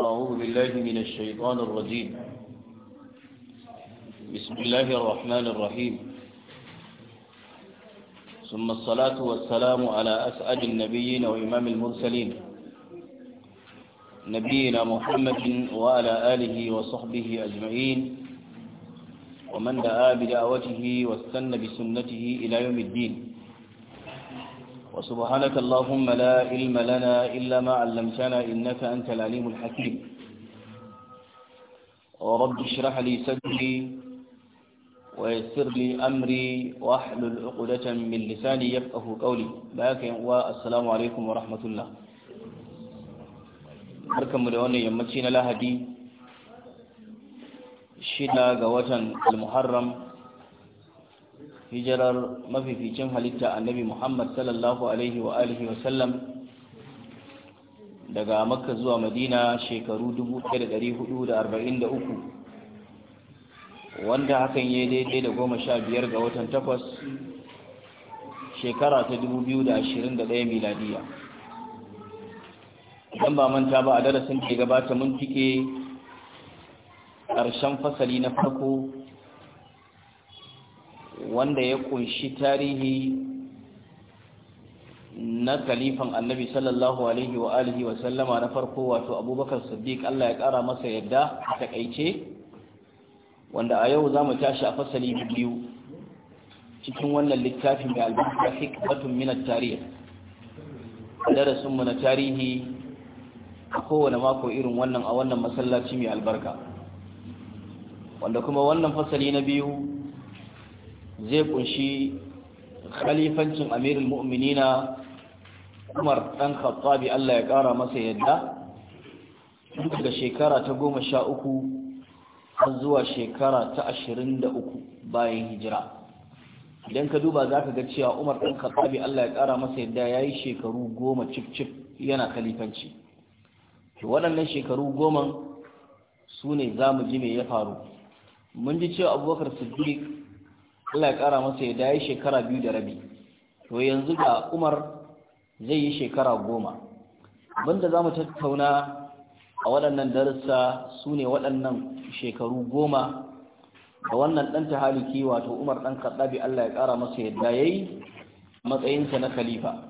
أعوذ بالله من الشيطان الرجيم بسم الله الرحمن الرحيم ثم الصلاة والسلام على أسعد النبيين وإمام المرسلين نبينا محمد وعلى آله وصحبه أجمعين ومن دعا بدعوته واستنى بسنته إلى يوم الدين وسبحانك اللهم لا علم لنا إلا ما علمتنا إنك أنت العليم الحكيم ورب اشرح لي صدري ويسر لي أمري واحلل عقدة من لساني يفقه قولي باكي والسلام عليكم ورحمة الله barkan mu da wannan yammaci na lahadi shida ga watan al-muharram hijirar mafificin halitta annabi muhammad sallallahu alaihi wa alihi wa sallam daga makka zuwa madina shekaru 1443 wanda hakan ya daidai da goma sha biyar ga watan takwas shekara ta 2021 miladiya don ba manta ba a darasin ke gabata mun fike ƙarshen fasali na farko wanda ya kunshi tarihi na kalifan annabi sallallahu alaihi wa alihi wa sallama na farko wato abubakar siddiq Allah ya kara masa yadda a takaice wanda a yau za mu tashi a fasali biyu cikin wannan littafin mai albarka hikmatun min at-tarikh darasin mu na tarihi a kowane mako irin wannan a wannan masallaci mai albarka wanda kuma wannan fasali na biyu zai kunshi khalifancin amirul mu'minina Umar dan Khattabi Allah ya kara masa yadda daga shekara ta goma sha uku har zuwa shekara ta ashirin da uku bayan hijira idan ka duba za ka ga cewa Umar dan Khattabi Allah ya kara masa yadda ya yi shekaru goma cif cif yana khalifanci waɗannan shekaru goma su ne za mu ji me ya faru mun ji cewa abubakar siddiq Allah ya kara masa ya dai shekara biyu da rabi to yanzu ga Umar zai yi shekara goma banda za mu tattauna a waɗannan darussa su ne waɗannan shekaru goma da wannan ɗan tahaliki wato umar ɗan kaɗabi Allah ya ƙara masa ya ya yi matsayinsa na khalifa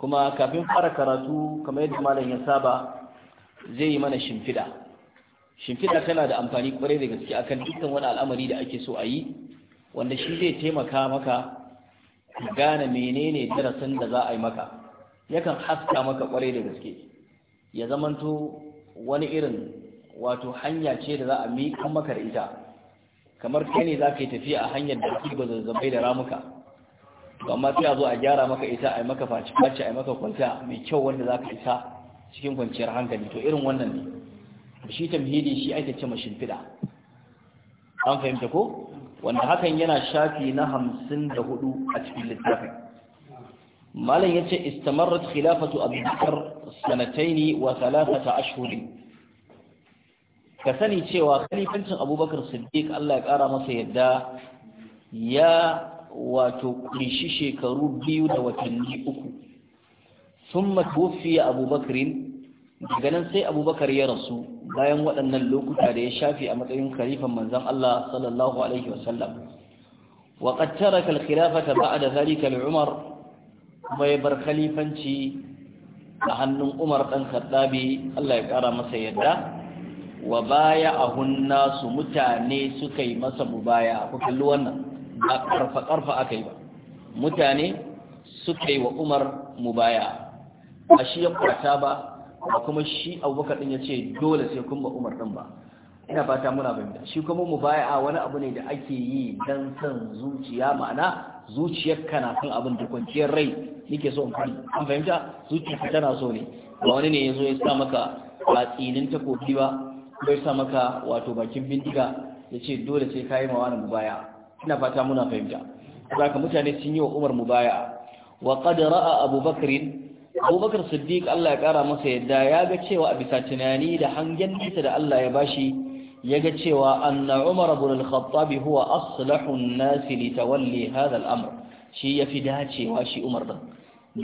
kuma kafin fara karatu kamar yadda malam ya saba zai yi mana shimfida. Shimfida tana da amfani kwarai da gaske akan dukkan wani al'amari da ake so a yi wanda shi zai taimaka maka gane menene darasin da za a yi maka yakan haska maka kwarai da gaske ya zamanto wani irin wato hanya ce da za a miƙa maka da ita kamar kai ne za ka yi tafiya a hanyar da ake zazzabai da ramuka to amma sai a zo a gyara maka ita a yi maka faci faci a yi maka kwanta mai kyau wanda za ka isa cikin kwanciyar hankali to irin wannan ne shi tamhidi shi ake ce ma shimfiɗa an fahimta ko wanda hakan yana shafi na hamsin da hudu a cikin littafin malam ya ce istamarrat khilafatu abu bakar sanataini wa talatata ashhuri ka sani cewa kalifancin abubakar siddiq allah ya kara masa yadda ya wato kunshi shekaru biyu da watanni uku sun matuwafi abubakarin daga nan sai abubakar ya rasu bayan waɗannan lokuta da ya shafi a matsayin karifan manzon Allah sallallahu alaihi wasallam wa qad taraka al-khilafata umar mai bar khalifanci a hannun Umar ɗan Khattabi Allah ya ƙara masa yadda wa baya'ahu su mutane suka yi masa baya, ku kalli wannan ba karfa aka yi ba mutane suka yi wa Umar A shi ya kwata ba ba kuma shi abubakar ɗin ya ce dole sai kun ba umar ɗin ba ina fata muna fahimta shi kuma mu baya wani abu ne da ake yi don son zuciya ma'ana zuciyar kana kan abin da kwanciyar rai nake so amfani fadi an fahimta zuciyar ka tana so ne ba wani ne ya zo ya sa maka tsinin takobi ba ko ya sa maka wato bakin bindiga ya ce dole sai kayi ma wani mubaya ina fata muna fahimta Saka mutane sun yi wa Umar mubaya wa qad ra'a Abu Bakr abubakar siddiq Allah ya kara masa yadda ya ga cewa a bisa tunani da hangen nesa da Allah ya bashi ya ga cewa anna umar ibn al-khattab huwa aslahu an-nas li tawalli hadha al-amr shi dacewa shi umar din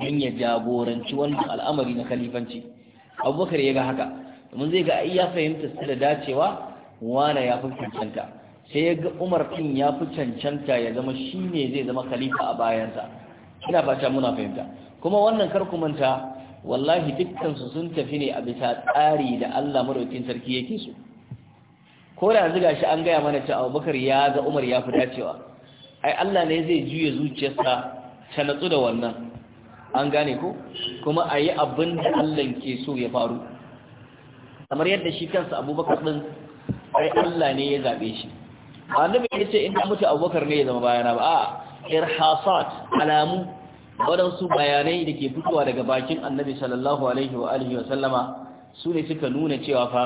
dan ya jagoranci wannan al'amari na khalifanci abubakar ya ga haka domin zai ga ya fahimta su da dacewa wana ya fi cancanta sai ya ga umar din ya fi cancanta ya zama shine zai zama khalifa a bayansa ina fata muna fahimta kuma wannan karku manta wallahi dukkan su sun tafi ne a bisa tsari da Allah madaukin sarki yake so ko da yanzu gashi an gaya mana cewa Abubakar ya ga Umar ya fi dacewa ai Allah ne zai juye zuciyarsa ta natsu da wannan an gane ko kuma a yi abin da Allah ke so ya faru kamar yadda shi kansa abubakar ɗin ai Allah ne ya zaɓe shi annabi ya ce in mutu abubakar ne ya zama bayana ba a irhasat alamu waɗansu bayanai da ke fitowa daga bakin annabi sallallahu alaihi wa alihi wa sallama su ne suka nuna cewa fa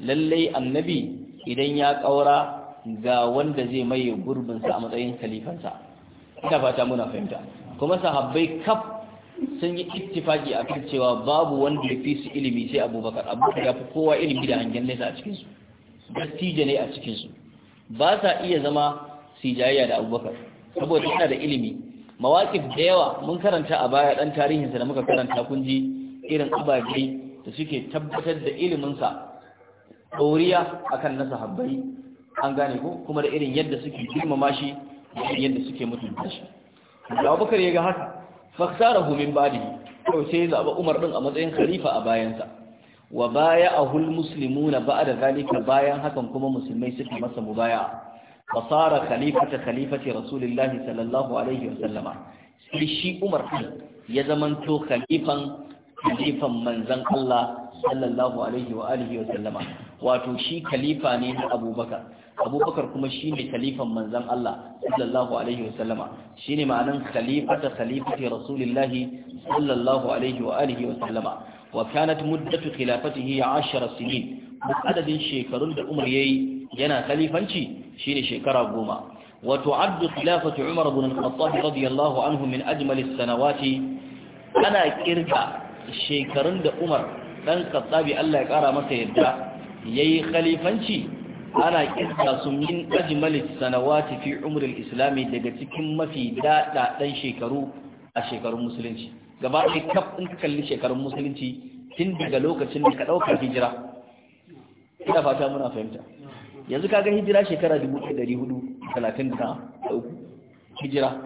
lallai annabi idan ya ƙaura ga wanda zai maye gurbinsa a matsayin khalifansa ina fata muna fahimta kuma sahabbai kaf sun yi ittifaki a kan cewa babu wanda ya fi su ilimi sai abubakar abubakar ya fi kowa ilimi da hangen nesa a cikinsu tije ne a cikinsu ba sa iya zama sijayya da abubakar saboda yana da ilimi mawakif da yawa mun karanta a baya ɗan tarihinsa da muka karanta kun ji irin ababe da suke tabbatar da iliminsa ɗoriya akan na sahabbai an gane ko kuma da irin yadda suke girmama shi da irin yadda suke mutunta shi da abubakar ya ga haka faksarahu min badi kawai sai zaɓa umar ɗin a matsayin khalifa a bayansa wa baya a na ba da zalika bayan hakan kuma musulmai suka masa mubaya'a fasara khalifata khalifati rasulillahi sallallahu alaihi wasallama sai shi umar din ya zamanto khalifan khalifan manzon Allah sallallahu alaihi wa alihi wa sallama wato shi khalifa ne na abubakar abubakar kuma shi ne khalifan manzan Allah sallallahu alaihi wa sallama shi ne ma'anin khalifata khalifati rasulillahi sallallahu alaihi wa alihi wa sallama wa kanat muddatu khilafatihi 10 sinin duk adadin shekarun da Umar yayi yana khalifanci shine shekara goma wato addu khilafatu umar ibn al-khattab radiyallahu anhu min ajmal as-sanawati ana kirka shekarun da umar dan khattabi Allah ya kara masa yadda yayi khalifanci ana kirka su min ajmal as-sanawati fi umr al-islam daga cikin mafi dada dan shekaru a shekarun musulunci gaba ɗaya kaf in ka kalli shekarun musulunci tun daga lokacin da ka ɗauka hijira ina fata muna fahimta yanzu kaga hijira shekara 1433 hijira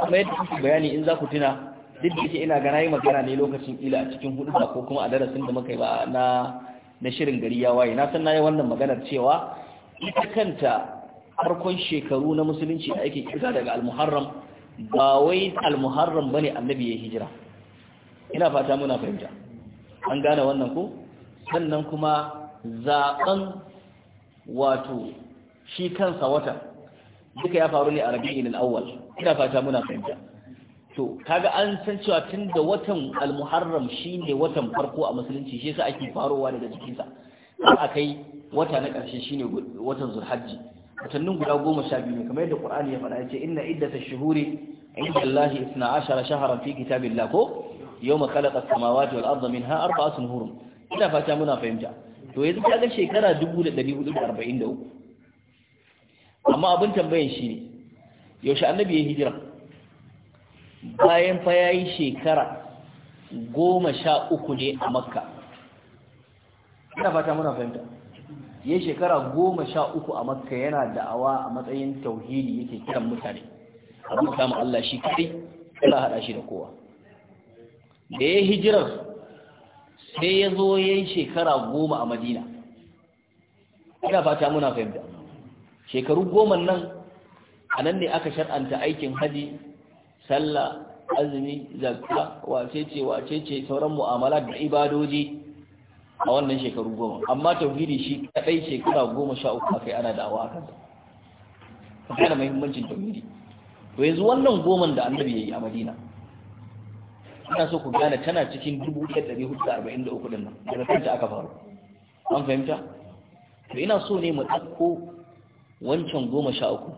kuma yadda kuke bayani in za ku tuna duk da yake ina gana yi magana ne lokacin ila a cikin hudu ko kuma a darasin da muka yi ba na na shirin gari ya waye na san nayi wannan maganar cewa ita kanta farkon shekaru na musulunci da ake kirga daga al-muharram ba wai al-muharram bane annabi ya hijira ina fata muna fahimta an gane wannan ko sannan kuma zaɓen wato shi kansa wata duka ya faru ne a rabi'in al-awwal ina fata muna fahimta to kaga an san cewa tun da watan al-muharram shine watan farko a musulunci shi yasa ake farowa daga jikinsa a kai wata na ƙarshe shine watan zulhajji watannin guda goma sha biyu ne kamar yadda qur'ani ya faɗa yace inna iddata shuhuri inda Allah isna ashara shahran fi kitabillah ko yawma khalaqa as-samawati wal arda minha arba'atun hurum ina fata muna fahimta to yanzu ta ga shekara 1443 amma abin tambayan shi ne yaushe annabi ya hijira bayan fa ya yi shekara goma sha uku ne a makka ina fata muna fahimta ya shekara goma sha uku a makka yana da'awa a matsayin tauhidi yake kiran mutane abin kama Allah shi kai kuma haɗa shi da kowa da ya hijirar sai ya zo ya yi shekara goma a madina ina fata muna fahimta shekaru goma nan a nan ne aka shar'anta aikin haji sallah azumi zakka wacece wacece sauran mu'amala da ibadoji a wannan shekaru goma amma tauhidi shi kadai shekara goma sha uku kai ana dawa akan sa kana muhimmancin tauhidi to yanzu wannan goman da annabi yayi a madina ina so ku gane tana cikin 1443 din nan daga kanta aka faru an fahimta to ina so ne mu ɗauko wancan goma sha uku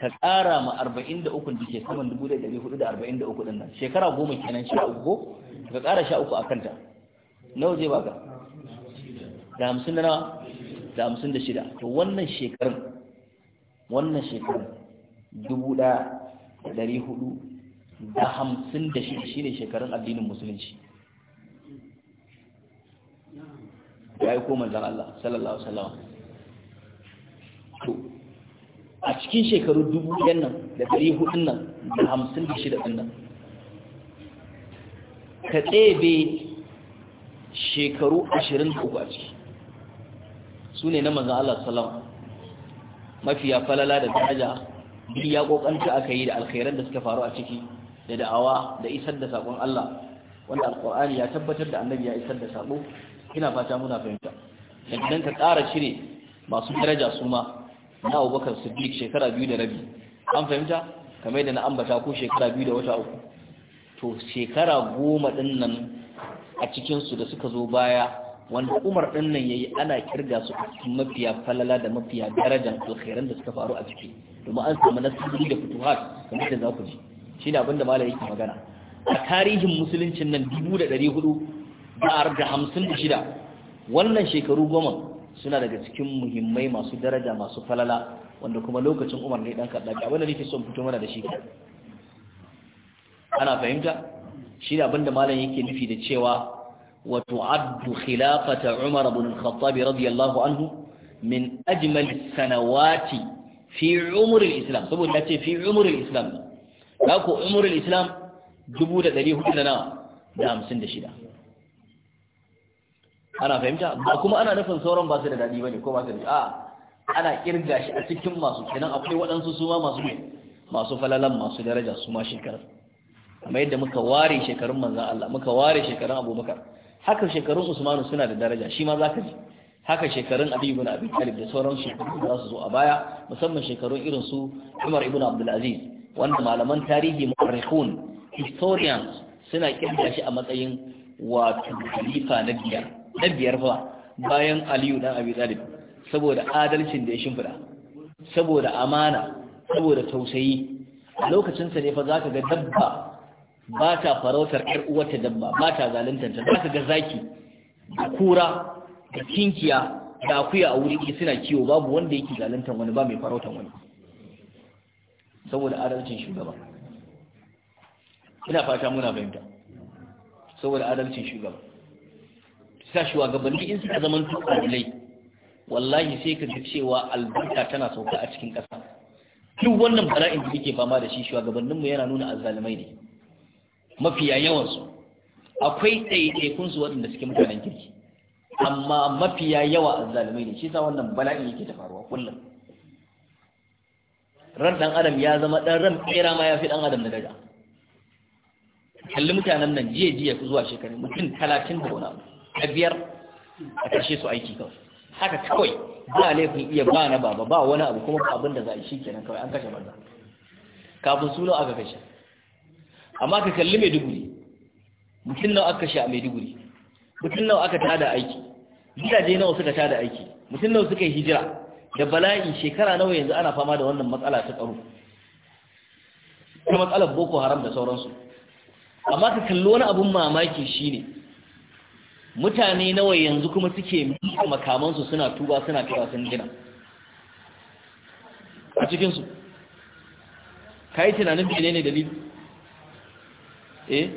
ka ƙara ma arba'in da ukun da ke saman dubu da ɗari hudu da arba'in da uku nan shekara goma kenan sha uku ka ƙara sha uku a kanta nawa zai baka da hamsin da nawa da hamsin da shida to wannan shekarun wannan shekarun dubu ɗaya da ɗari hudu da hamsin da shi, shi ne shekarun addinin musulunci ya yi koma zan Allah sallallahu ala'uwa a cikin shekaru dubu yan nan da ɗari hudun nan da hamsin da shida ɗin nan ka tsebe shekaru ashirin da uku a ciki su ne na mazan Allah salam mafiya falala da daraja duk ya kokanta aka yi da alkhairar da suka faru a ciki da da'awa da isar da sakon Allah wanda Alƙur'ani ya tabbatar da annabi ya isar da sako ina fata muna fahimta idan ka tsara cire masu daraja su ma na Abubakar Siddiq shekara biyu da rabi an fahimta kamar da na ambata ko shekara biyu da wata uku to shekara goma din nan a cikinsu da suka zo baya wanda umar din nan ya yi ana kirga su a mafiya falala da mafiya darajar alkhairan da suka faru a ciki domin an samu nasarori da fituhat kamar da za ku ji shine abin da malai yake magana a tarihin musuluncin nan shida. wannan shekaru goma suna daga cikin muhimmai masu daraja masu falala wanda kuma lokacin Umar ne dan kaddaki abin da nake son fito mana da shi ana fahimta shi abin abinda malam yake nufi da cewa وتعد خلافة عمر بن الخطاب رضي الله عنه من أجمل السنوات في عمر الإسلام سبب التي في عمر الإسلام za ku umurul islam dubu da ɗari da nawa da hamsin da shida ana fahimta ba kuma ana nufin sauran ba su da daɗi ba ne ko ba su da a ana kirga shi a cikin masu kenan akwai waɗansu su ma masu masu falalan masu daraja su ma shekarar Amma yadda muka ware shekarun manzan Allah muka ware shekarun abubakar haka shekarun usmanu suna da daraja shi ma za ka ji haka shekarun Ali ibn Abi Talib da sauran shekarun da su zo a baya musamman shekarun irin su Umar ibn Abdul Aziz wanda malaman tarihi mu'arrikhun historians suna kirga shi a matsayin wato khalifa na biyar na biyar fa bayan Aliyu dan Abi Talib saboda adalcin da ya shimfida saboda amana saboda tausayi a lokacin sa ne fa zaka ga dabba ba ta farautar ƴar uwarta dabba ba ta zaluntar zaka ga zaki da kura da kinkiya da akuya a wuri suna kiwo babu wanda yake zaluntar wani ba mai farautar wani saboda adalcin shugaba ina fata muna fahimta saboda adalcin shugaba sa shugabanni in suka zaman adalai wallahi sai ka ga cewa albarka tana sauka a cikin ƙasa duk wannan bala'in da yake fama da shi shugabanninmu yana nuna azzalumai ne mafiya yawansu akwai ɗaiɗaikunsu su waɗanda suke mutanen kirki amma mafiya yawa azzalumai ne shi sa wannan bala'in yake ta faruwa kullum ran ɗan adam ya zama ɗan ran tsera ma ya fi ɗan adam daga. kalli mutanen nan jiya jiya zuwa shekaru mutum talatin da wani abu a biyar a kashe su aiki kawai haka kawai ba laifin iya ba na baba ba wani abu kuma abin da za a yi shi kawai an kashe banza kafin suna aka kashe amma ka kalli maiduguri mutum nawa aka kashe a maiduguri mutum nawa aka tada aiki gidaje nawa suka tada aiki mutum nawa suka yi hijira da bala'i shekara nawa yanzu ana fama da wannan matsala ta tsaro ta matsalar boko haram da sauransu amma ka kalli wani abun mamaki shine mutane nawa yanzu kuma suke miƙa makamansu suna tuba suna kira sun gina a cikinsu ka yi tunanin bene ne dalili eh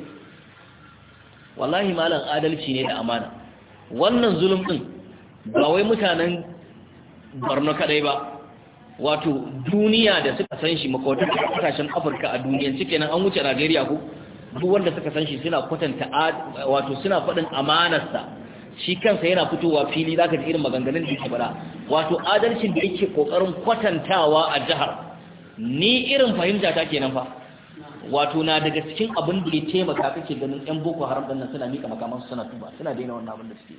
wallahi malam adalci ne da amana wannan zulum ɗin ba wai mutanen barno kaɗai ba wato duniya da suka san shi a kasashen afirka a duniya suke nan an wuce najeriya ko duk wanda suka san shi suna kwatanta wato suna faɗin amanarsa shi kansa yana fitowa fili za ka ji irin maganganun da ke bara wato adalcin da yake kokarin kwatantawa a jihar ni irin fahimta ta kenan fa wato na daga cikin abin da ya taimaka kake ganin yan boko haram ɗin suna mika makamansu suna tuba suna daina wannan abin da suke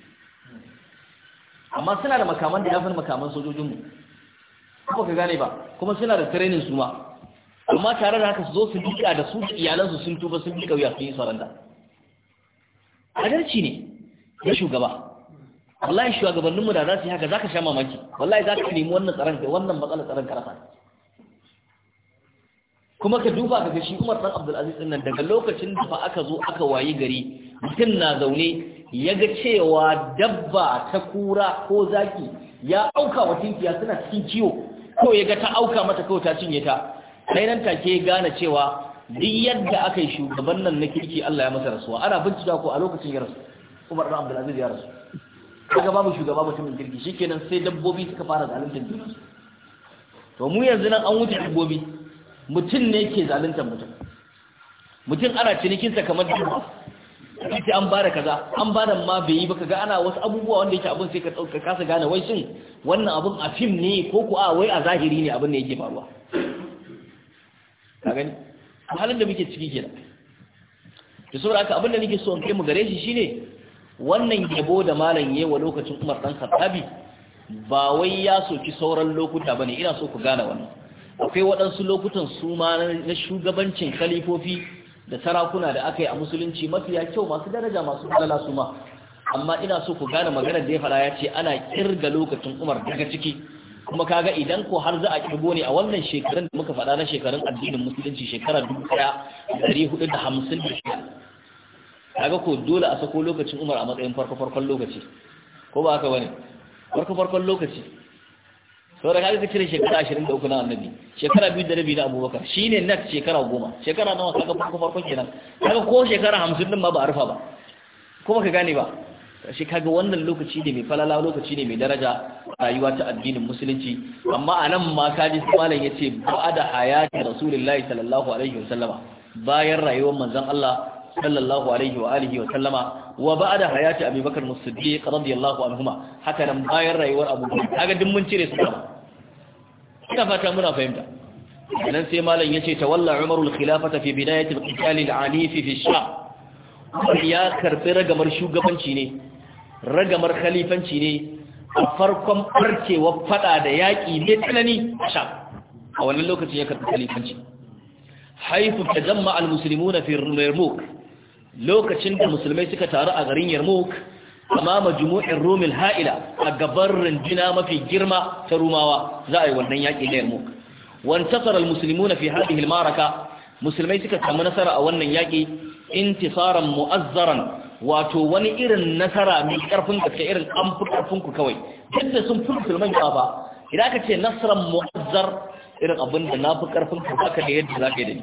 amma suna da makaman da yafin makaman sojojinmu kuma ka gane ba kuma suna da training su ma amma tare da haka su zo su duka da su iyalansu sun tuba sun lika wuya sun yi saranda adalci ne Ya shugaba wallahi shugabanninmu da za su yi haka za ka sha mamaki wallahi za ka nemi wannan tsaron kai, wannan matsalar tsaron karasa kuma ka duba ka ga shi Umar dan Abdul Aziz din nan daga lokacin da fa aka zo aka wayi gari mutum na zaune ya ga cewa dabba ta kura ko zaki ya auka wa tinkiya suna cikin ciwo ko ya ga ta auka mata kawai ta cinye ta sai nan take gane cewa duk yadda aka yi shugaban nan na kirki Allah ya masa rasuwa ana bincika ko a lokacin ya rasu Umar bin Abdul Aziz ya rasu kaga babu shugaba mutumin kirki shikenan sai dabbobi suka fara zaluntar juna to mu yanzu nan an wuce dabbobi mutum ne ke zaluntar mutum mutum ana cinikinsa kamar dabba kace an bada kaza an bada ma bai yi ba kaga ana wasu abubuwa wanda yake abin sai ka tsauka kasa gane wai shin wannan abin a fim ne ko ku a wai a zahiri ne abin ne yake faruwa ka gani halin da muke ciki kenan to saboda haka abin da nake so in kai mu gare shi shine wannan yabo da malam yayi wa lokacin Umar dan Khattabi ba wai ya soki sauran lokuta bane ina so ku gane wannan akwai waɗansu lokutan su ma na shugabancin kalifofi. da sarakuna da aka yi a musulunci mafiya kyau masu daraja masu falala su ma amma ina so ku gane maganar da ya fara ya ce ana kirga lokacin umar daga ciki kuma kaga idan ko har za a kirgo ne a wannan shekarun da muka faɗa na shekarun addinin musulunci shekara dubu ɗaya ɗari hudu da hamsin da shida kaga ko dole a sako lokacin umar a matsayin farko farkon lokaci ko ba haka bane farko farkon lokaci saboda ka ka cire shekara 23 na annabi shekara biyu da rabi na abubakar shine net shekara goma shekara nawa kaga farko farkon kenan kaga ko shekara 50 din ma ba a rufa ba kuma ka gane ba shi kaga wannan lokaci ne mai falala lokaci ne mai daraja rayuwa ta addinin musulunci amma a nan ma kaji malam ya ce ba da hayati rasulullahi sallallahu alaihi sallama. bayan rayuwar manzon Allah sallallahu alaihi wa alihi wa sallama wa ba'da hayati abubakar as radiyallahu anhuma haka nan bayan rayuwar abubakar kaga duk mun cire su kuma ina fata muna fahimta nan sai malam yace tawalla umarul khilafata fi bidayati al-qital al fi ash-sham ya karbi ragamar shugabanci ne ragamar khalifanci ne a farkon barkewa fada da yaki ne tsanani sham a wannan lokacin ya karbi khalifanci haifu tajamma al-muslimuna fi yarmouk lokacin da musulmai suka taru a garin yarmouk amama jumu'in rumil ha'ila a gabar rinjina mafi girma ta rumawa za a yi wannan yaƙi da yarmouk wantasar almuslimuna fi hadhihi almaraka musulmai suka samu nasara a wannan yaƙi intisaran mu'azzaran wato wani irin nasara mai karfin gaske irin an fi karfin ku kawai yadda sun fi musulman ya ba idan aka ce nasarar mu'azzar irin abin da na fi karfin ku haka da yadda za ka yi da ni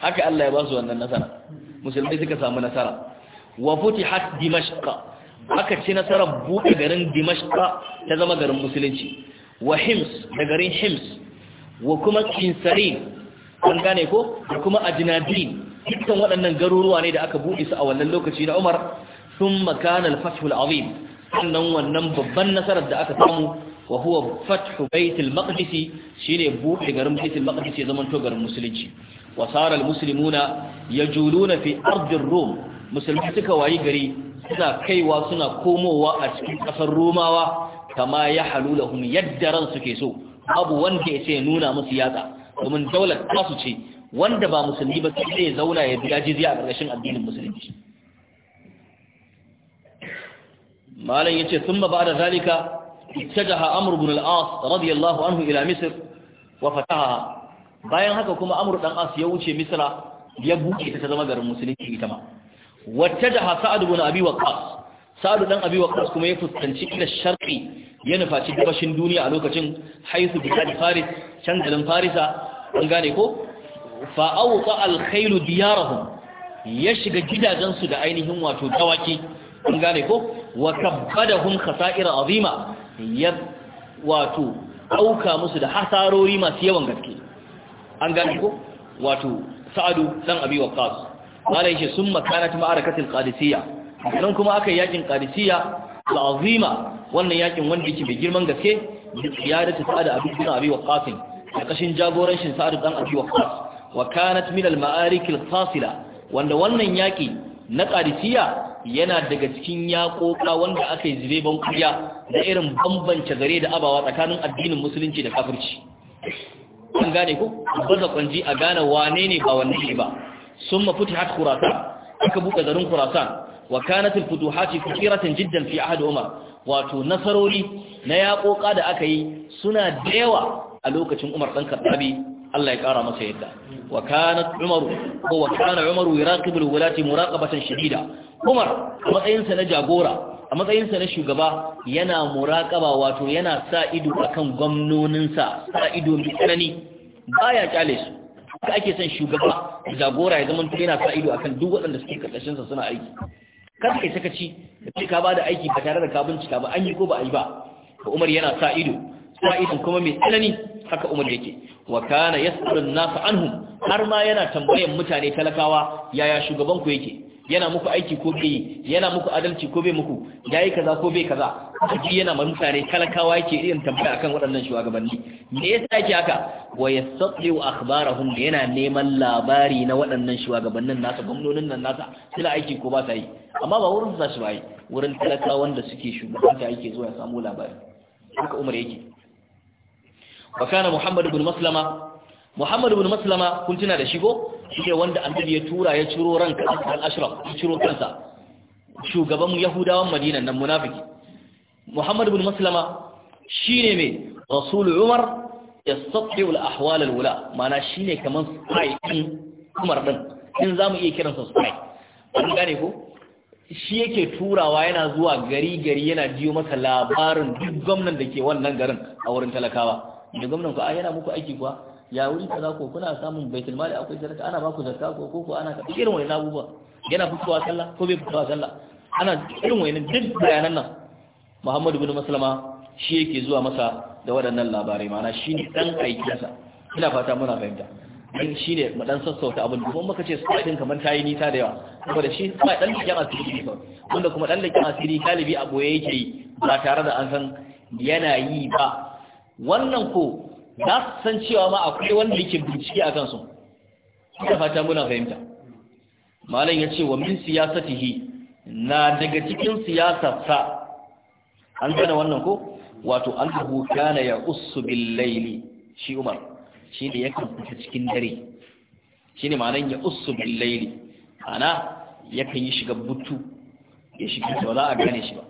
haka Allah ya ba su wannan nasara musulmai suka samu nasara wa futihat dimashqa aka ci nasarar buɗe garin dimashka ta zama garin musulunci wa hims da garin hims wa kuma kinsarin an gane ko da kuma ajinadin dukkan waɗannan garuruwa ne da aka buɗe su a wannan lokaci na umar sun makanar fathul azim sannan wannan babban nasarar da aka samu wa huwa fathu baitul maqdisi shine buɗe garin baitul ya zaman to garin musulunci wa sara al muslimuna yajuluna fi ardi rum musulmi suka wayi gari suna kaiwa suna komowa a cikin ƙasar romawa kama ya halulahum yadda ran suke so Abu wanda ya ce nuna musu yatsa domin daular masu ce wanda ba musulmi ba sai zai zauna ya biya jiziya a ƙarƙashin addinin musulunci malam ya yace ba ba'da zalika ita amr ibn al-as radiyallahu anhu ila misr wa fataha bayan haka kuma Amur dan as ya wuce misra ya buke ta zama garin musulunci ita ma wata da ha sa'ad bin abi waqas sa'ad dan abi waqas kuma ya fuskanci ila sharqi ya nufaci gabashin duniya a lokacin haisu bihad faris can garin farisa an gane ko fa awqa al khayl diyarahum ya shiga gidajensu da ainihin wato dawaki an gane ko wa kabbadahum khasa'ira azima ya wato auka musu da hasarori masu yawan gaske an gane ko wato sa'adu dan abi waqas malai shi sun makanat ma'arakatil qadisiyya nan kuma aka yakin qadisiyya la'azima wannan yakin wanda yake mai girman gaske ya da ta sa'ada abu bin abi waqas da kashin jagorancin sa'ad dan abi waqas wa kanat min al ma'arikil fasila wanda wannan yaki na qadisiyya yana daga cikin yaƙoƙa wanda aka yi zube ban na da irin bambance gare da abawa tsakanin addinin musulunci da kafirci an gane ku baza kwanji a gane wane ne ba wanne ne ba summa futihat khurasan aka buɗe garin khurasan wa kanat al-futuhat kathiratan jiddan fi ahad umar wato nasaroli na yaƙoƙa da aka yi suna da yawa a lokacin umar dan kaddabi Allah ya ƙara masa yadda wa kanat umaru wa kana umaru yuraqibu al muraqabatan shadida umar a matsayinsa na jagora a matsayinsa na shugaba yana muraƙaba wato yana sa ido akan gwamnoninsa sa ido mai tsanani baya kyale su haka ake son shugaba jagora ya zama yana sa ido akan duk waɗanda suke karkashin sa suna aiki kar kai ci da ka ba da aiki ba tare da ka bincika ba an yi ko ba a yi ba to Umar yana sa ido sa ido kuma mai tsanani haka Umar yake wa kana yas'alun nas anhum har ma yana tambayan mutane talakawa yaya shugaban ku yake yana muku aiki ko bai yana muku adalci ko bai muku yayi kaza ko bai kaza aji yana ma mutane talakawa yake irin tambaya akan waɗannan shugabanni me yasa yake haka wa yastati'u akhbarahum yana neman labari na waɗannan shugabannin nasa gwamnonin nan nasa suna aiki ko ba ta yi amma ba wurin za su ba yi wurin talakawan wanda suke shugaban ta yake zuwa ya samu labari haka Umar yake wa kana Muhammad ibn Maslama Muhammad ibn Maslama kun tuna da shigo shi ne wanda annabi ya tura ya ciro ranka al-ashraf ya ciro kansa shugaban yahudawan madina nan munafiki muhammad ibn maslama shi ne mai rasul umar yastati al-ahwal al-wula mana ne kaman spy din umar din in zamu iya kiransa spy an gane ko shi yake turawa yana zuwa gari gari yana jiyo masa labarin duk gwamnan da ke wannan garin a wurin talakawa Duk gwamnatin ko a yana muku aiki kuwa ya wuri kaza ko kuna samun baitul mali akwai zakka ana baku zakka ko ko ko ana ka irin wani abubuwa yana fitowa sallah ko bai fitowa sallah ana irin wani duk bayanan nan Muhammadu bin Maslama shi yake zuwa masa da waɗannan labarai mana shine dan aikinsa ina fata muna fahimta dan shi ne madan sassauta abin kuma muka ce sai din kamar tayi nisa da yawa saboda shi sai dan likin asiri ne wanda kuma dan likin asiri galibi a boye yake yi ba tare da an san yana yi ba wannan ko za su san cewa ma akwai wanda yake bincike a kansu da fata muna fahimta malam ya ce wa min siyasatihi na daga cikin siyasarsa an gane wannan ko wato an abu kana ya usu bil laili shi umar shi ne yakan fita cikin dare shi ne malam ya usu bil laili ana yakan yi shiga butu ya shiga ba za a gane shi ba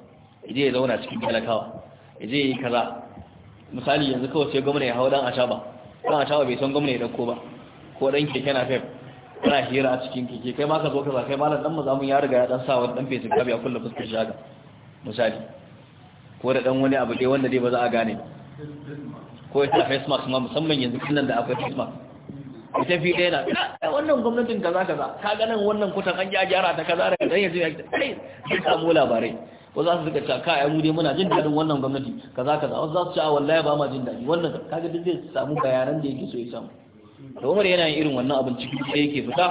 idan ya zauna cikin talakawa ya je yi kaza misali yanzu kawai sai gwamna ya hau dan ashaba dan ashaba bai san gwamna ya dauko ba ko dan keke na fef kana hira a cikin keke kai ma ka zo ka za kai malam dan mazamun ya riga ya dan sa wani dan fesin kabi a kullum fuskar shaga misali ko da dan wani abu dai wanda dai ba za a gane ko ya sa face mask ma musamman yanzu kullum da akwai face mask ita fi ɗaya na wannan gwamnatin kaza kaza ka ganin wannan kutan an ya gyara ta kaza da kaza yanzu ya ce. kai zai samu labarai ko za su suka ce kai mu dai muna jin dadin wannan gwamnati kaza kaza wasu za su ce wallahi ba ma jin dadi wannan kaga duk zai samu bayanan da yake so ya samu To Umar yana yin irin wannan abin cikin da yake fita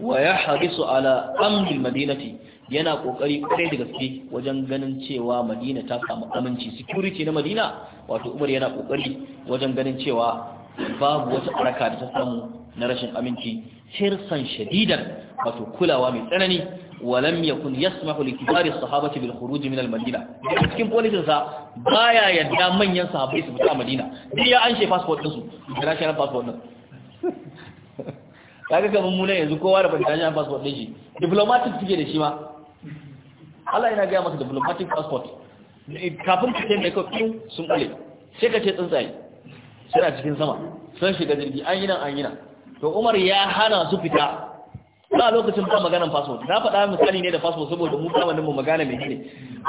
wa ya hadisu ala amnil madinati yana kokari kwarai da gaske wajen ganin cewa Madina ta samu aminci security na Madina wato Umar yana kokari wajen ganin cewa babu wata araka da ta samu na rashin aminci hirsan shadidan wato kulawa mai tsanani walam yakun yasmahu li kibari sahabati bil khuruj min al madina cikin politin sa baya yadda manyan sahabbai su fita madina duk ya an she passport din su shi international passport din kaga kaman mu ne yanzu kowa da international passport din shi diplomatic tike da shi ma Allah yana ga masa diplomatic passport kafin ka ce mai kokin sun bale sai ka ce tsuntsaye suna cikin sama sun shiga jirgi an yi nan an yi nan to Umar ya hana su fita ba lokacin ba maganan fasfo na faɗa misali ne da fasfo saboda mu nan mu magana mai ne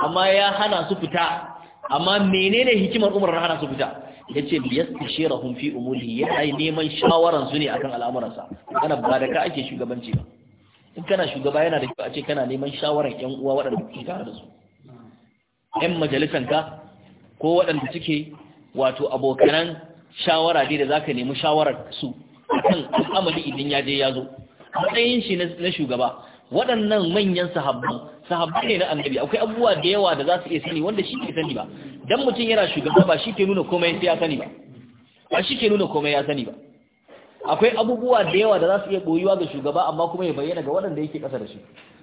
amma ya hana su fita amma menene hikimar Umar na hana su fita yace bi yastashirahum fi umuri ya ai neman shawaran su ne akan al'amuransa kana ba da ka ake shugabanci ba in kana shugaba yana da kyau a ce kana neman shawaran 'yan uwa waɗanda kuke tare da su Yan majalisan ka ko waɗanda suke wato abokanan shawara dai da zaka nemi shawarar su akan al'amari idan ya je ya zo matsayin shi na shugaba waɗannan manyan ne na annabi akwai abubuwa da yawa da za su iya sani wanda shi ke sani ba dan mutum yana shugaba ba shi ke nuna komai sai ya sani ba ba shi ke nuna komai ya sani ba akwai abubuwa da yawa da za su iya boyuwa ga shugaba amma kuma ya bayyana ga waɗanda yake ƙasa da shi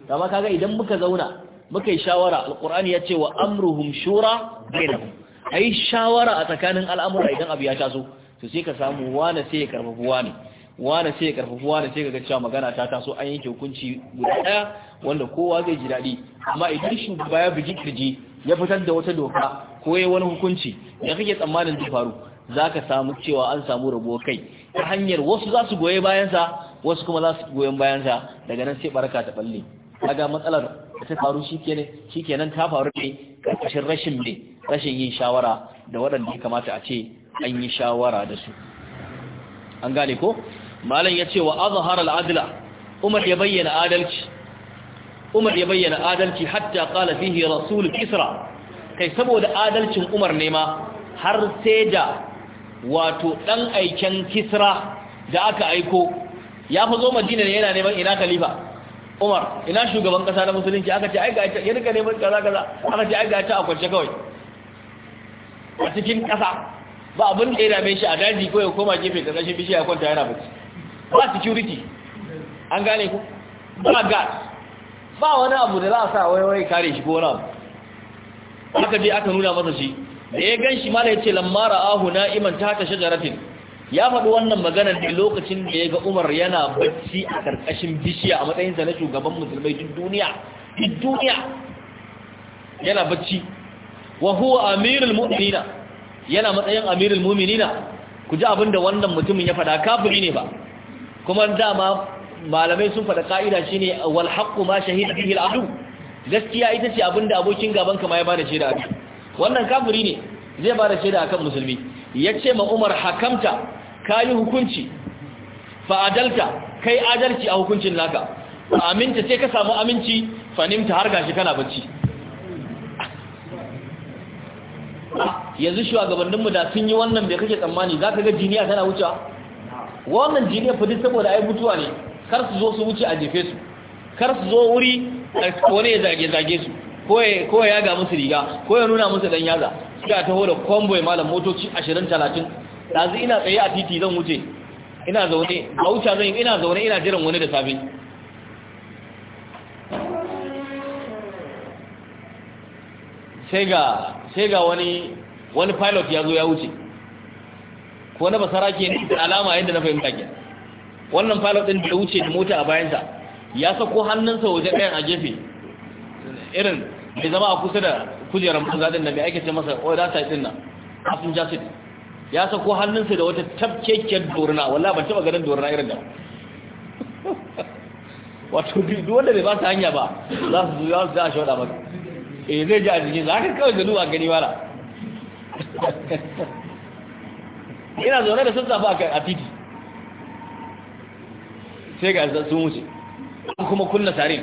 amma kaga idan muka zauna muka yi shawara alqur'ani ya ce wa amruhum shura bainahum ai shawara a tsakanin al'amura idan abu ya taso to sai ka samu wane sai ya karfafi wane wane sai ya karfafi wane sai ka ga cewa magana ta taso an yanke hukunci guda daya wanda kowa zai ji daɗi amma idan shi ba ya bugi kirji ya fitar da wata doka ko ya wani hukunci ya kake tsammanin zai faru za ka samu cewa an samu rabo kai ta hanyar wasu za su goye bayansa wasu kuma za su goyon bayansa daga nan sai baraka ta balle kaga matsalar da ta faru shikenan shikenan ta faru ne karkashin rashin ne rashin yin shawara da waɗanda ya kamata a ce an yi shawara da su an gane ko malam ya ce wa azhar al-adla umar ya bayyana adalci umar ya bayyana adalci hatta qala fihi rasul kisra kai saboda adalcin umar ne ma har sai da wato dan aiken kisra da aka aiko ya fa zo madina ne yana neman ina khalifa umar ina shugaban kasa na musulunci aka ce ai ga ya rika neman kaza kaza aka ce ai ga ta a kwance kawai a cikin kasa ba abin da ya dame shi a daji ko ya koma gefe ka zashin bishiya kwanta yana bacci ba security an gane ku ba gas ba wani abu da za a sa waiwai kare shi ko wani abu aka je aka nuna masa shi da ya gan shi mala ya ce lamara ahu na iman ta ta shajaratin ya faɗi wannan maganar da lokacin da ya ga umar yana bacci a ƙarƙashin bishiya a matsayinsa na shugaban musulmai duk duniya duk duniya yana bacci wa huwa amirul mu'minina yana matsayin amirul na, ku ji abin da wannan mutumin ya fada kafiri ne ba kuma dama malamai sun faɗa ka'ida shine wal haqqu ma shahida bihi al gaskiya ita ce abin da abokin gaban ka ma ya bada shaida akai wannan kafiri ne zai bada shaida akan musulmi yace ma Umar hakamta kayi hukunci fa adalta kai adalci a hukuncin naka aminta sai ka samu aminci nimta har gashi kana bacci yanzu shugabanninmu da sun yi wannan bai kake tsammani za ka ga jiniya tana wucewa wannan jiniya fadi saboda ai mutuwa ne kar su zo su wuce a jefe su kar su zo wuri wani ya zage zage su ko ya ga musu riga ko ya nuna musu dan yaza suka taho da convoy malam motoci ashirin-talatin. dazu ina tsaye a titi zan wuce ina zaune a wuce zan ina zaune ina jiran wani da safe sai ga sai ga wani wani pilot ya zo ya wuce ko na basara ke ne alama yadda na fahimta ke wannan pilot din da wuce da mota a bayansa ya sako hannunsa waje ɗayan a gefe irin mai zama a kusa da kujerar banza din da mai ake ce masa odata din nan afin jasid ya sako hannunsa da wata tafkekiyar dorina wallahi ban taba ganin dorina irin da wato duk wanda bai ba ta hanya ba za su zuwa za a shaɗa maka E zai ji a jikin za ka kawai da duba gani wala ina zaune da sassafa a titi sai ga sun wuce an kuma kunna sarin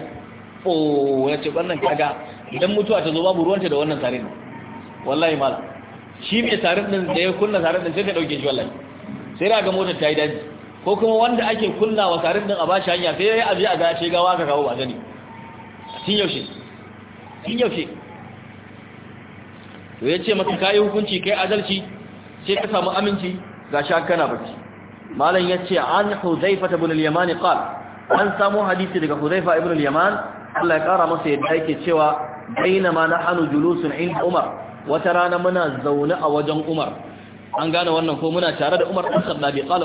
o oh, na ce wannan kaga idan mutuwa ta zo babu ruwanta da wannan sarin wallahi mala shi mai sarin din da ya kunna sarin din sai ka dauke shi wallahi sai da ga motar ta yi daji ko kuma wanda ake kunna wa sarin din a bashi hanya sai ya aje a ga shi gawa ka kawo ba gani tun yaushe in yaushe to ya ce ka kayi hukunci kai adalci sai ka samu aminci ga sha kana bacci malam ya ce an huzaifa ibn al Yamani qal an samu hadisi daga huzaifa ibn al-yaman Allah ya kara masa yadda yake cewa hannu nahnu julusun inda umar wata rana muna zaune a wajen umar an gane wannan ko muna tare da umar dan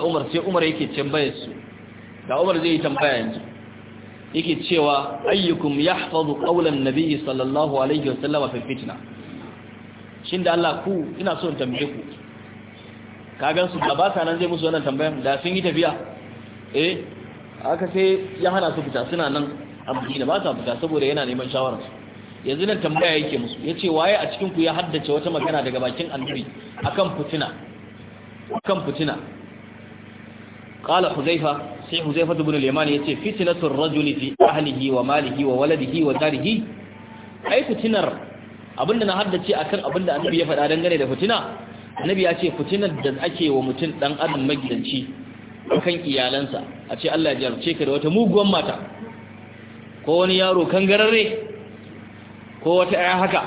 umar sai umar yake tambayar su da umar zai yi tambaya yanzu yake cewa ayyukum yahfazu qawlan nabiyyi sallallahu alaihi wasallam fi fitna shin da Allah ku ina so in tambaye ku kagan su ba sa nan zai musu wannan tambayan da sun yi tafiya eh aka sai ya hana su fita suna nan a Madina ba sa fita saboda yana neman shawara yanzu nan tambaya yake musu yace waye a cikin ku ya haddace wata magana daga bakin annabi akan fitina akan fitina qala huzaifa sai huzaifa ibn ya ce, fitina fitnatur rajuli fi ahlihi wa malihi wa waladihi wa darihi ai fitinar abinda na haddace akan abinda annabi ya faɗa dangane da fitina annabi ya ce fitinar da ake wa mutum dan adam magidanci kan iyalansa a ce Allah ya jarce ka da wata muguwan mata ko wani yaro kangararre ko wata aya haka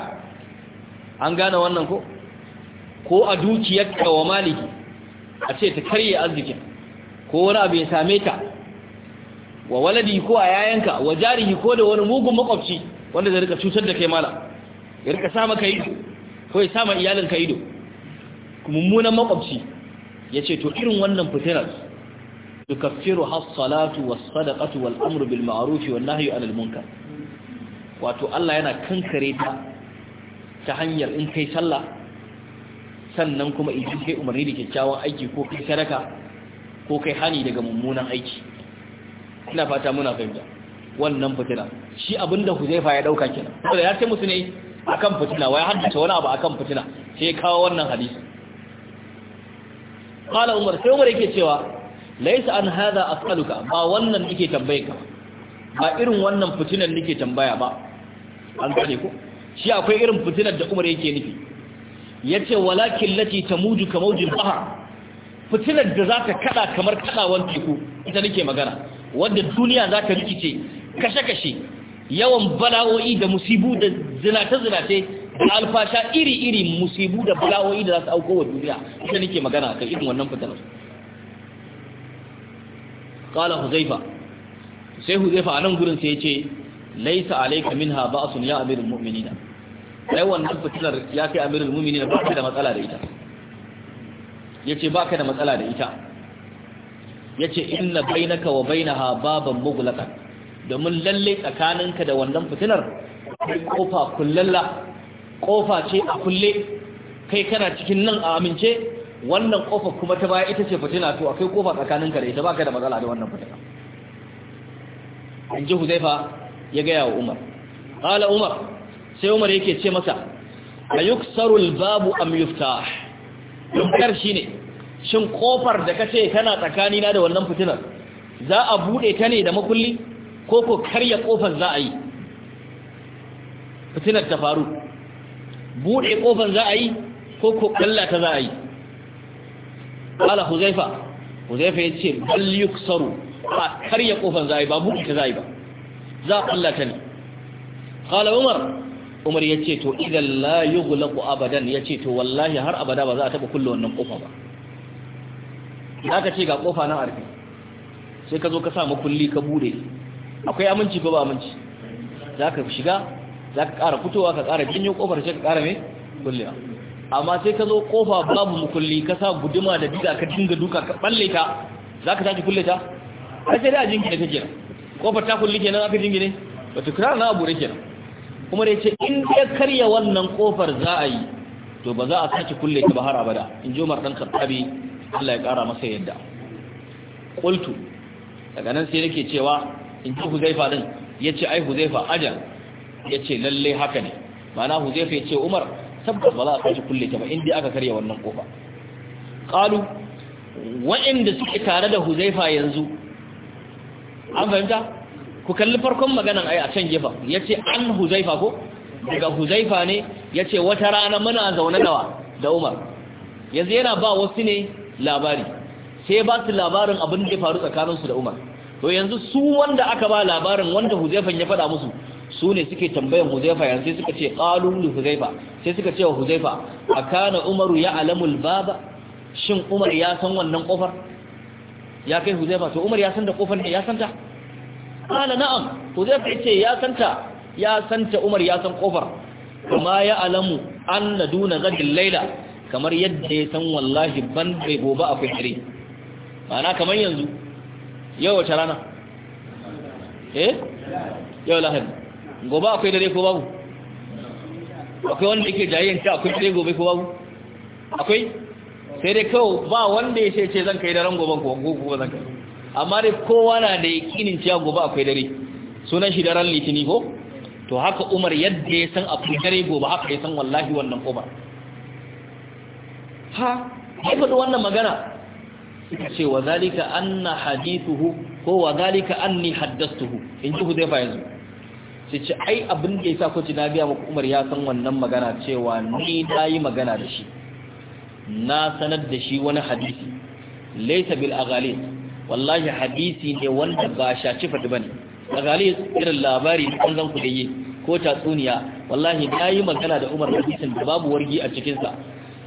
an gane wannan ko ko a dukiyarka wa maliki a ce ta karye arzikin ko wani abu ya same ta. wa waladi ko a yayanka wa jarihi ko da wani mugun makwabci wanda zai rika cutar da kai mala ya rika sa maka ido ko ya sa iyalin ka ido mummunan makwabci ya ce to irin wannan fitinar tukaffiru has-salatu was-sadaqatu wal-amru bil wa wan-nahyu 'anil munkar wato Allah yana kankare ta ta hanyar in kai sallah sannan kuma idan kai umarni da kyakkyawan aiki ko kai sadaka ko kai hani daga mummunan aiki ina fata muna fahimta wannan fitina shi abinda huzaifa ya dauka kenan saboda ya ce musu ne akan fitina wai haddace wani abu akan fitina sai kawo wannan hadisi qala umar sai umar yake cewa laysa an hadha as'aluka ba wannan nake tambaye ka ba irin wannan fitinan nake tambaya ba an gane ko shi akwai irin fitinan da umar yake nufi yace walakin lati tamuju kamaujin bahar fitilar da za ta kada kamar kadawan teku ita nake magana wadda duniya za ta rikice kashe-kashe yawan bala'o'i da musibu da zinata-zinata da alfasha iri-iri musibu da bala'o'i da za su auko wa duniya ita nake magana kan irin wannan fitilar kala huzaifa sai huzaifa a nan gurin sai ya ce laisa alayka minha ba'sun ya amirul mu'minina sai wannan fitilar ya kai amirul mu'minina ba da matsala da ita yace baka da matsala da ita yace inna bainaka wa bainaha baban mughlaqa domin lalle tsakaninka da wannan fitinar kai kofa kullalla kofa ce a kulle kai kana cikin nan a amince wannan kofa kuma ta baya ita ce fitina to akwai kofa tsakaninka da ita baka da matsala da wannan fitina in ji huzaifa ya gaya wa umar ƙala umar sai umar yake ce masa a yuksarul babu am yuftah dukkar shi ne shin kofar da ka ce tana tsakanina da wannan fitinar za a buɗe ta ne da makulli ko ko karya kofar za a yi fitinar ta faru buɗe kofar za a yi ko ko kalla ta za a yi ala huzaifa huzaifa ya ce bal yuksaru ba karya kofar za a yi ba buɗe ta za a yi ba za a kalla ta ne قال عمر umar ya ce to idan la yughlaqu abadan ya ce to wallahi har abada ba za a taba kulle wannan kofa ba Za ka ce ga kofa nan arfi sai ka zo ka sa kulli ka bude akwai aminci ko ba aminci za ka shiga za ka ƙara fitowa ka ƙara jinyo kofar sai ka ƙara mai kulle. amma sai ka zo kofa babu kulli ka sa guduma da diga ka dinga duka ka balle ta za ka tashi kulle ta Ai sai da jinki da kake kofar ta kulle kenan aka jingine ba ta kira na abu kenan umar ya ce in ya karya wannan kofar za a yi to ba za a sake kulle ta ba har abada in ji umar dan karkabi Allah ya kara masa yadda qultu daga nan sai nake cewa in ji huzaifa din yace ai huzaifa ajal yace lalle haka ne ma'ana huzaifa yace umar tabbas ba za a sake kulle ta ba in dai aka karya wannan kofa qalu wa'inda suke tare da huzaifa yanzu an fahimta ku kalli farkon magana ai a can gefa yace an huzaifa ko daga huzaifa ne yace wata rana muna zaune dawa da Umar yanzu yana ba wasu ne labari sai ba su labarin abin da ya faru tsakanin su da Umar to yanzu su wanda aka ba labarin wanda huzaifan ya faɗa musu su ne suke tambayan huzaifa yanzu sai suka ce qalu li huzaifa sai suka ce wa huzaifa akana umaru ya alamul baba shin umar ya san wannan kofar ya kai huzaifa to umar ya san da kofar ne ya san ta qala na'am to zai fi ce ya santa ya santa Umar ya san kofar kuma ya alamu anna duna gadil laila kamar yadda ya san wallahi ban bai gobe akwai dare ma'ana kamar yanzu yau wace rana eh yau lahadi gobe akwai dare ko babu akwai wanda yake ta akwai dare gobe ko babu akwai sai dai kawai ba wanda ya ce zan kai daren gobe ko gobe zan kai amma dai kowa na da yakinin cewa gobe akwai dare sunan shi daren litini ko to haka umar yadda ya san akwai dare gobe haka ya san wallahi wannan umar ha haifar wannan magana suka ce wa zalika na hadithuhu ko wa zalika ni haddastuhu in ji hudaifa yanzu sai ce ai abin da sa ko na biya muku Umar ya san wannan magana cewa ni yi magana da shi na sanar da shi wani hadisi laisa bil aghalid wallahi hadisi ne wanda ba shaci fadi bane a galis irin labari kun zan ku yi ko tatsuniya wallahi na yi magana da umar hadisin da babu wargi a cikinsa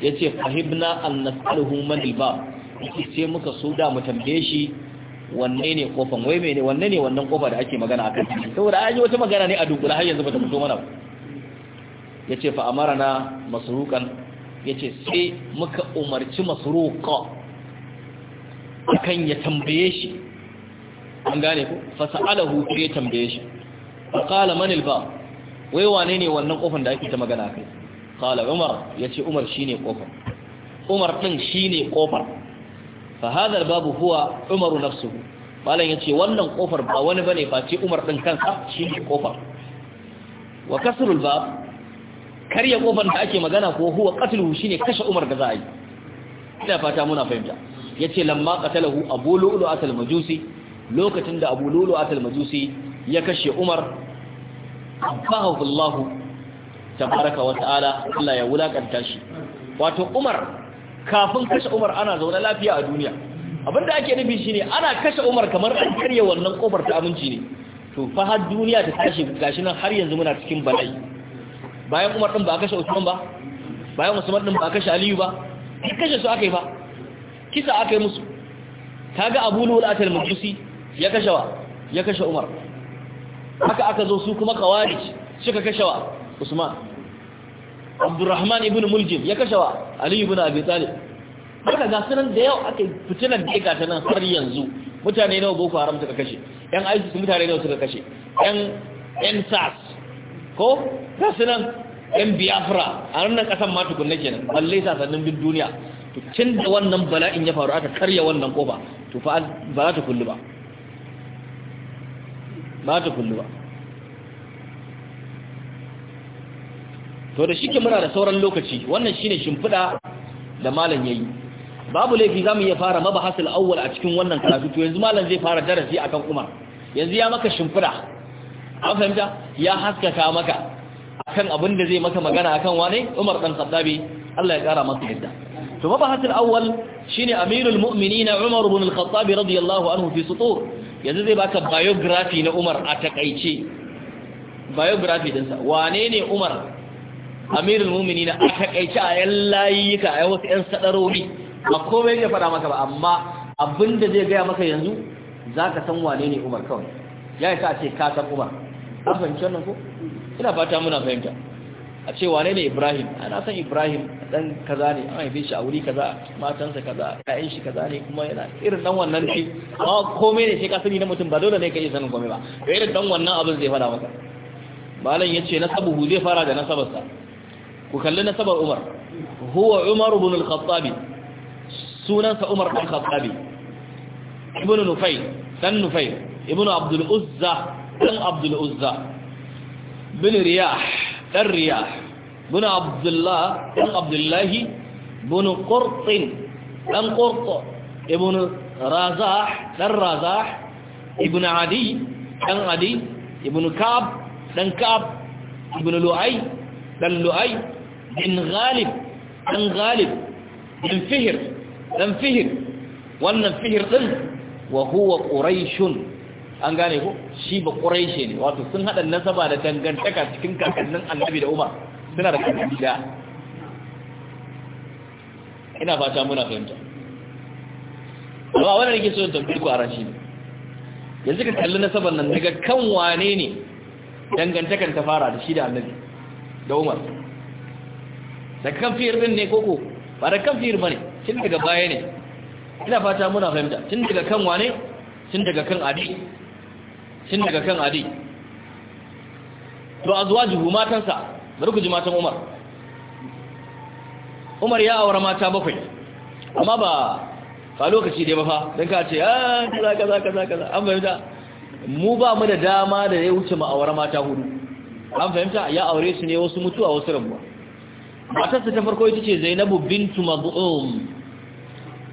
ya ce fahimna an nasaluhu man ilbab sai muka so da mu tambaye shi wanne ne kofan wai mene wanne ne wannan kofa da ake magana akan shi saboda an yi wata magana ne a dubula har yanzu bata fito mana ba yace fa amarana masruqan yace sai muka umarci masruqa kan ya tambaye shi an gane ku fasa'alahu sai ya tambaye shi fa qala man al-ba wai wane ne wannan kofar da ake ta magana kai qala umar yace umar shine kofar umar din shine kofar fa hadha al-babu huwa umar nafsuhu malam yace wannan kofar ba wani bane face umar din kansa shine kofar wa kasrul bab karya kofar da ake magana ko huwa qatluhu shine kashe umar da za yi ina fata muna fahimta yace lamma qatalahu abu lu'lu'at al-majusi lokacin da abu lu'lu'at al-majusi ya kashe umar abahu Allah tabaraka wa ta'ala Allah ya wulakanta shi wato umar kafin kashe umar ana zaune lafiya a duniya abinda ake nufi shine ana kashe umar kamar an karya wannan kofar ta aminci ne to fa har duniya ta tashi gashi nan har yanzu muna cikin bala'i bayan umar din ba a kashe usman ba bayan usman din ba a kashe aliyu ba kashe su aka yi ba kisa aka yi musu kaga abu lul atal majusi ya kashe wa ya kashe umar haka aka zo su kuma kawarij suka kashe wa usman abdurrahman ibn muljim ya kashe wa ali ibn abi talib haka ga sunan da yau aka fitina da ga nan har yanzu mutane nawa boko haram suka kashe yan isis mutane nawa suka kashe yan yan sas ko ga sunan yan biafra a ranar kasan ma tukunna kenan balle sasannin bin duniya tun da wannan bala'in ya faru aka karya wannan kofa to fa ba za ta kullu ba ba ta kullu ba to da shike muna da sauran lokaci wannan shine shimfiɗa da malam yayi babu laifi zamu iya fara mabahasul awwal a cikin wannan karatu to yanzu malam zai fara darasi akan Umar yanzu ya maka shimfiɗa an fahimta ya haskaka maka akan abin da zai maka magana akan wane Umar dan Khattabi Allah ya kara masa yadda to mabahas al-awwal shine amirul mu'minin Umar ibn al-Khattab radiyallahu anhu fi sutur yanzu zai baka biography na Umar a takaice biography sa, wane ne Umar amirul mu'minin a takaice a yan layika a wasu yan sadarori ba komai ya fada maka ba amma abinda zai gaya maka yanzu zaka san wane ne Umar kawai ya yi a ce ka san Umar an fahimci wannan ko ina fata muna fahimta a ce wane ne Ibrahim ana san Ibrahim dan kaza ne an haife shi a wuri kaza matansa kaza ƴaƴan shi kaza ne kuma yana irin dan wannan ne amma komai ne sai ka sani na mutum ba dole ne ka yi sanin komai ba to irin dan wannan abin zai fada maka malam yace nasabuhu zai fara da nasabarsa ku kalli nasabar Umar huwa Umar ibn al-Khattab sunansa Umar ibn al-Khattab ibn Nufayl dan Nufayl ibn Abdul Uzza dan Abdul Uzza bin Riyah ɗan riya bin abdullahi bin ƙortin ɗan ƙorto ibn razah ɗan razah ibn adi ɗan adi ibn kab ɗan kab ibn lu'ai ɗan lu'ai bin ghalib ɗan ghalib bin fihir ɗan fihir wannan fihir ɗin wa huwa ƙuraishun an gane ko shi ba ƙuraishe ne wato sun haɗa nasaba da dangantaka cikin kakannin annabi da umar suna da kakanni da ina fata muna fahimta amma wannan ke so tambayi ku rashi ne yanzu ka kalli nasabar nan daga kan wane ne dangantakan ta fara da shi da annabi da umar da kan fiyar din ne koko ba da kan fiyar ne, tun daga baya ne ina fata muna fahimta tun daga kan wane tun daga kan adi tun daga kan adi to juhu matansa bari ku ji matan Umar Umar ya aure mata bakwai amma ba fa lokaci dai ba fa dan ka ce ah kaza kaza kaza kaza an fahimta mu ba mu da dama da ya wuce mu aure mata hudu an fahimta ya aure su ne wasu mutuwa wasu rabuwa matarsa ta farko ita ce Zainabu bintu Mad'um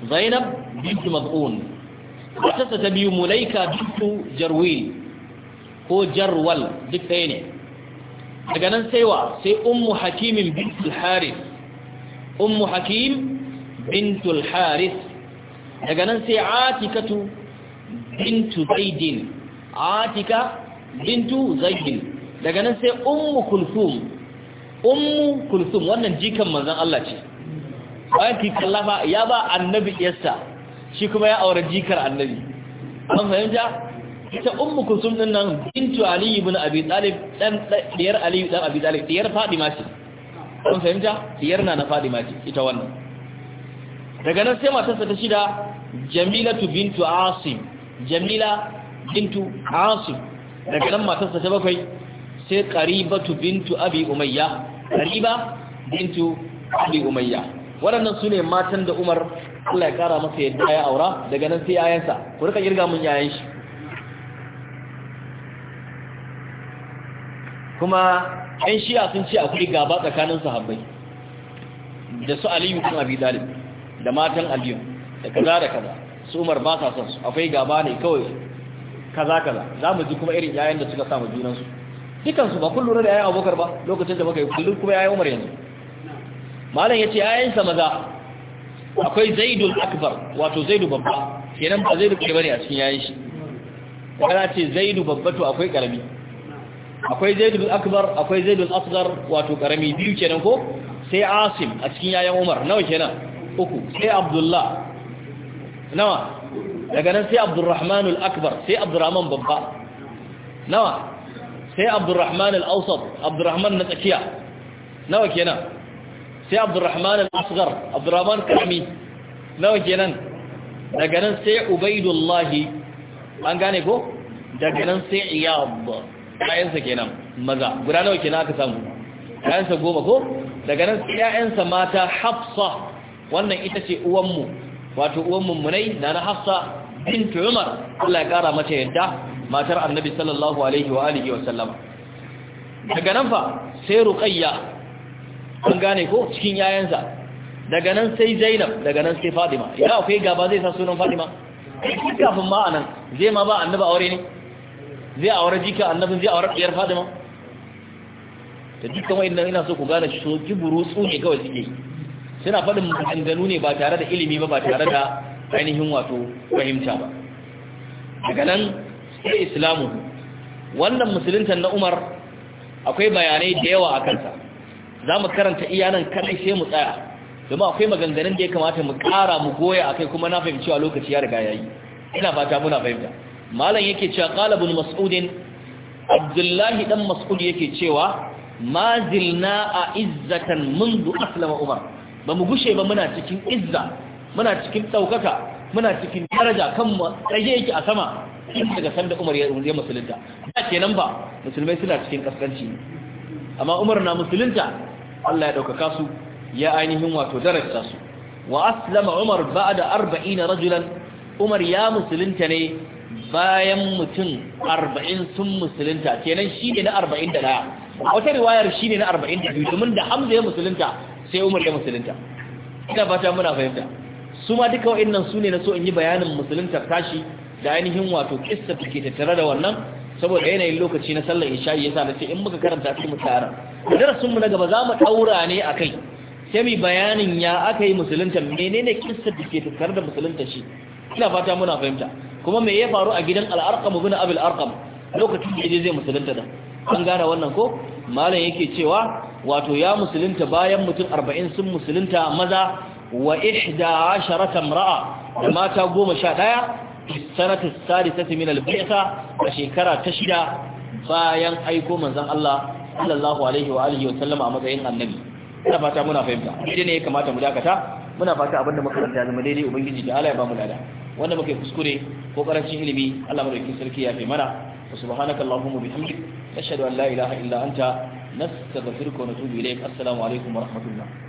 Zainab bintu Mad'un matarsa ta biyu Mulaika bintu Jarwil. ko jarwal duk ɗaya ne daga nan sai wa sai ummu hakimin bintul haris ummu hakim bintul haris daga nan sai atikatu bintu zaidin atika bintu zaidin daga nan sai ummu kulthum ummu kulthum wannan jikan manzon Allah ce bayan ki kallafa ya ba annabi yarsa shi kuma ya aure jikar annabi an fahimta ita ummu kulsum din nan bintu ali ibn abi talib dan diyar ali dan abi talib diyar fadima ce kun fahimta diyar na na fadima ce ita wannan daga nan sai matarsa ta shida jamilatu bintu asim jamila bintu asim daga nan matarsa ta bakwai sai qaribatu bintu abi umayya qariba bintu abi umayya waɗannan su ne matan da umar Allah ya kara masa yadda ya aura daga nan sai yayansa ku rika girga mun yayan shi kuma ɗan shiya sun ce akwai gaba tsakanin sahabbai da su aliyu kan abi dalib da matan aliyu da kaza da kaza su umar ba sa son su akwai gaba ne kawai kaza kaza za mu ji kuma irin yayan da suka samu junansu su ba kun lura da yayan abokar ba lokacin da muka yi kullum kuma yayan umar yanzu malam ya ce yayansa maza akwai zaidul akbar wato zaidu babba kenan ba zaidu kai bane a cikin 'ya'yan shi kana ce zaidu babba to akwai karami akwai zaidul akbar akwai zaidul asghar wato karami biyu kenan ko sai asim a cikin yayan umar nawa kenan uku sai abdullah nawa daga nan sai abdurrahman al-akbar sai abdurrahman babba nawa sai abdurrahman al-awsat abdurrahman na tsakiya nawa kenan sai abdurrahman al-asghar abdurrahman karami nawa kenan daga nan sai ubaidullah an gane ko daga nan sai iyad ƴaƴansa kenan maza guda nawa kenan aka samu ƴaƴansa goma ko daga nan ƴaƴansa mata Hafsa wannan ita ce uwan mu wato uwan mummunai nana Hafsa bint Umar Allah ya kara mata yadda matar Annabi sallallahu alaihi wa alihi wa sallama daga nan fa sai Ruqayya an gane ko cikin ƴaƴansa daga nan sai Zainab daga nan sai Fadima, ya akwai gaba zai sa sunan Fadima? kafin ma anan zai ma ba annabi aure ne zai aure jika annabin zai aure biyar fadima da dukkan nan ina so ku gane so kiburu su ne kawai suke suna faɗin maganganu ne ba tare da ilimi ba ba tare da ainihin wato fahimta ba daga nan sai islamu wannan musulunta na umar akwai bayanai da yawa a kansa za mu karanta iyanan kadai sai mu tsaya domin akwai maganganun da ya kamata mu kara mu goya akai kuma na fahimci a lokaci ya riga yayi ina fata muna fahimta malam yake cewa qala ibn abdullahi dan mas'ud yake cewa ma zilna a izzatan mundu aslama umar ba mu gushe ba muna cikin izza muna cikin daukaka muna cikin daraja kan tsaye yake a sama daga sanda umar ya musulunta ba kenan ba musulmai suna cikin kaskanci amma umar na musulunta Allah ya daukaka su ya ainihin wato daraja su wa aslama umar ba'da 40 rajulan umar ya musulunta ne bayan mutum arba'in sun musulunta kenan shi ne na arba'in da daya a wata riwayar shi ne na arba'in da biyu domin da hamza ya musulunta sai umar ya musulunta ina fata muna fahimta su ma duka nan su ne na so in yi bayanin musuluntar tashi da ainihin wato kista da ke tattare da wannan saboda yanayin lokaci na sallar ya yasa na ce in muka karanta su mu tsara darasin mu na gaba za mu ɗaura ne akai sai mu bayanin ya aka yi musulunta menene kista da ke tattare da musulunta shi ina fata muna fahimta kuma me ya faru a gidan al bin ibn abul arqam lokacin da yaje zai musulunta da an gane wannan ko malam yake cewa wato ya musulunta bayan mutum 40 sun musulunta maza wa 11 imra'a da mata 11 sanatu sadisati min al-bi'sa a shekara ta shida bayan aiko manzon Allah sallallahu alaihi wa alihi wa sallama a matsayin annabi ina fata muna fahimta idan ne ya kamata mu dakata muna fata abinda muka karanta zama daidai ubangiji da Allah ya ba mu lada wanda muke kuskure ko karancin ilimi Allah madaukakin sarki ya fi mana wa subhanaka allahumma bihamdik nashhadu an la ilaha illa anta nastaghfiruka wa natubu ilayk assalamu alaikum wa rahmatullah